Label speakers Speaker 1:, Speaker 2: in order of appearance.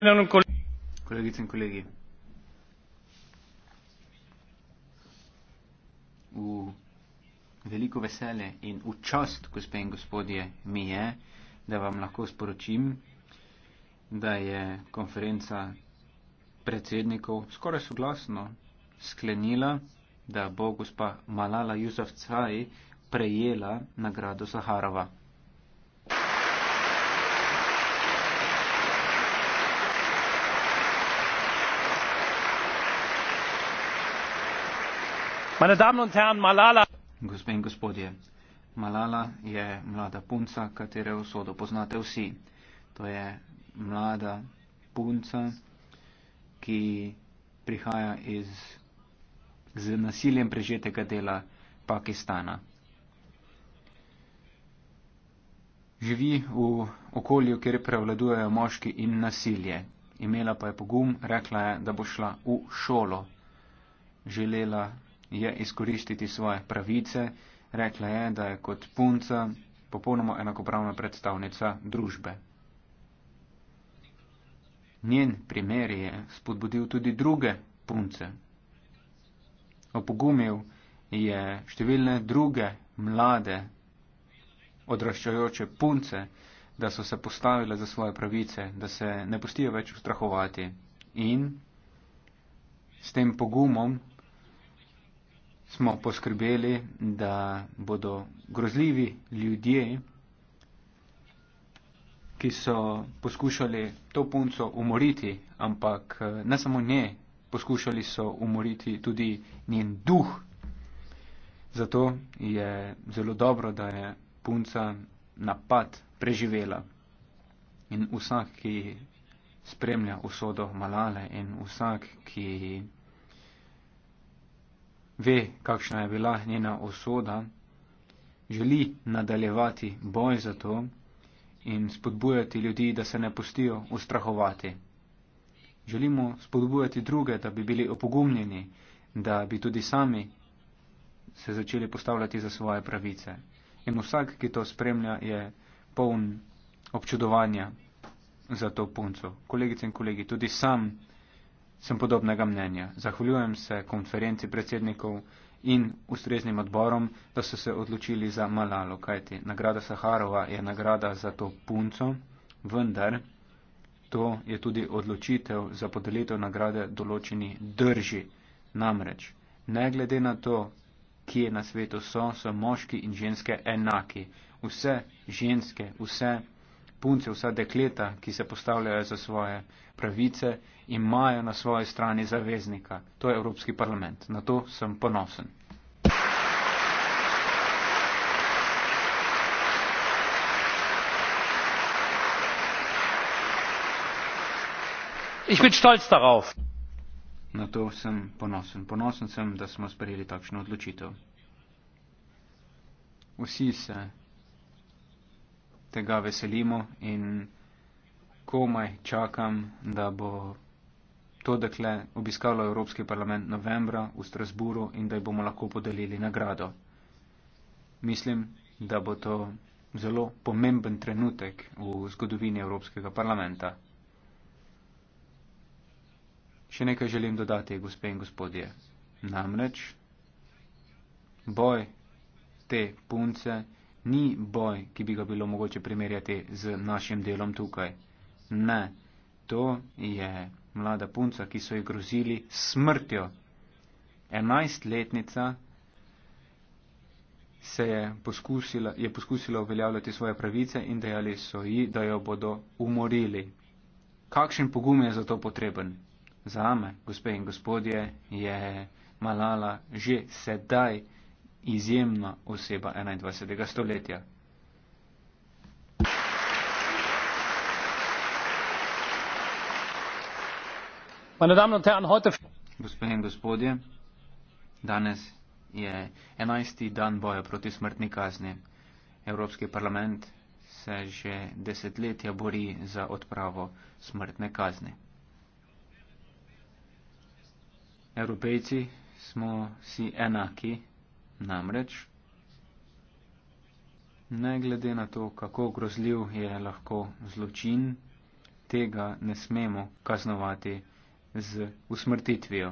Speaker 1: kolegice in kolegi. V veliko veselje in v čast, gospe in gospodje, mi je, da vam lahko sporočim, da je konferenca predsednikov skoraj soglasno sklenila, da bo gospa Malala Juzavcaj prejela nagrado Saharova. gospe in gospodje, Malala je mlada punca, katere usodo poznate vsi. To je mlada punca, ki prihaja iz z nasiljem prežetega dela Pakistana. Živi v okolju, kjer prevladujejo moški in nasilje. Imela pa je pogum, rekla je, da bo šla v šolo. Želela je izkoristiti svoje pravice. Rekla je, da je kot punca popolnoma enakopravna predstavnica družbe. Njen primer je spodbudil tudi druge punce. Opogumil je številne druge mlade odraščajoče punce, da so se postavile za svoje pravice, da se ne pustijo več ustrahovati. In s tem pogumom smo poskrbeli, da bodo grozljivi ljudje, ki so poskušali to punco umoriti, ampak eh, ne samo nje, poskušali so umoriti tudi njen duh. Zato je zelo dobro, da je punca napad preživela. In vsak, ki spremlja usodo Malale in vsak, ki ve, kakšna je bila njena osoda, želi nadaljevati boj za to in spodbujati ljudi, da se ne pustijo ustrahovati. Želimo spodbujati druge, da bi bili opogumljeni, da bi tudi sami se začeli postavljati za svoje pravice. In vsak, ki to spremlja, je poln občudovanja za to punco. Kolegice in kolegi, tudi sam sem podobnega mnenja. Zahvaljujem se konferenci predsednikov in ustreznim odborom, da so se odločili za Malalo, kajti nagrada Saharova je nagrada za to punco, vendar to je tudi odločitev za podelitev nagrade določeni drži. Namreč, ne glede na to, kje na svetu so, so moški in ženske enaki. Vse ženske, vse punce, vsa dekleta, ki se postavljajo za svoje pravice, imajo na svoji strani zaveznika. To je Evropski parlament. Na to sem ponosen. Ich bin stolz darauf. Na to sem ponosen. Ponosen sem, da smo sprejeli takšno odločitev. Vsi se se ga veselimo in komaj čakam, da bo to dekle obiskalo Evropski parlament novembra v Strasburu in da ji bomo lahko podelili nagrado. Mislim, da bo to zelo pomemben trenutek v zgodovini Evropskega parlamenta. Še nekaj želim dodati, gospe in gospodje. Namreč boj te punce ni boj, ki bi ga bilo mogoče primerjati z našim delom tukaj. Ne, to je mlada punca, ki so ji grozili smrtjo. Enajstletnica se je poskusila, je poskusila uveljavljati svoje pravice in dejali so ji, da jo bodo umorili. Kakšen pogum je za to potreben? Za me, gospe in gospodje, je Malala že sedaj izjemna oseba 21. stoletja. Gospe in gospodje, danes je 11. dan boja proti smrtni kazni. Evropski parlament se že desetletja bori za odpravo smrtne kazni. Evropejci smo si enaki Namreč, ne glede na to, kako grozljiv je lahko zločin, tega ne smemo kaznovati z usmrtitvijo.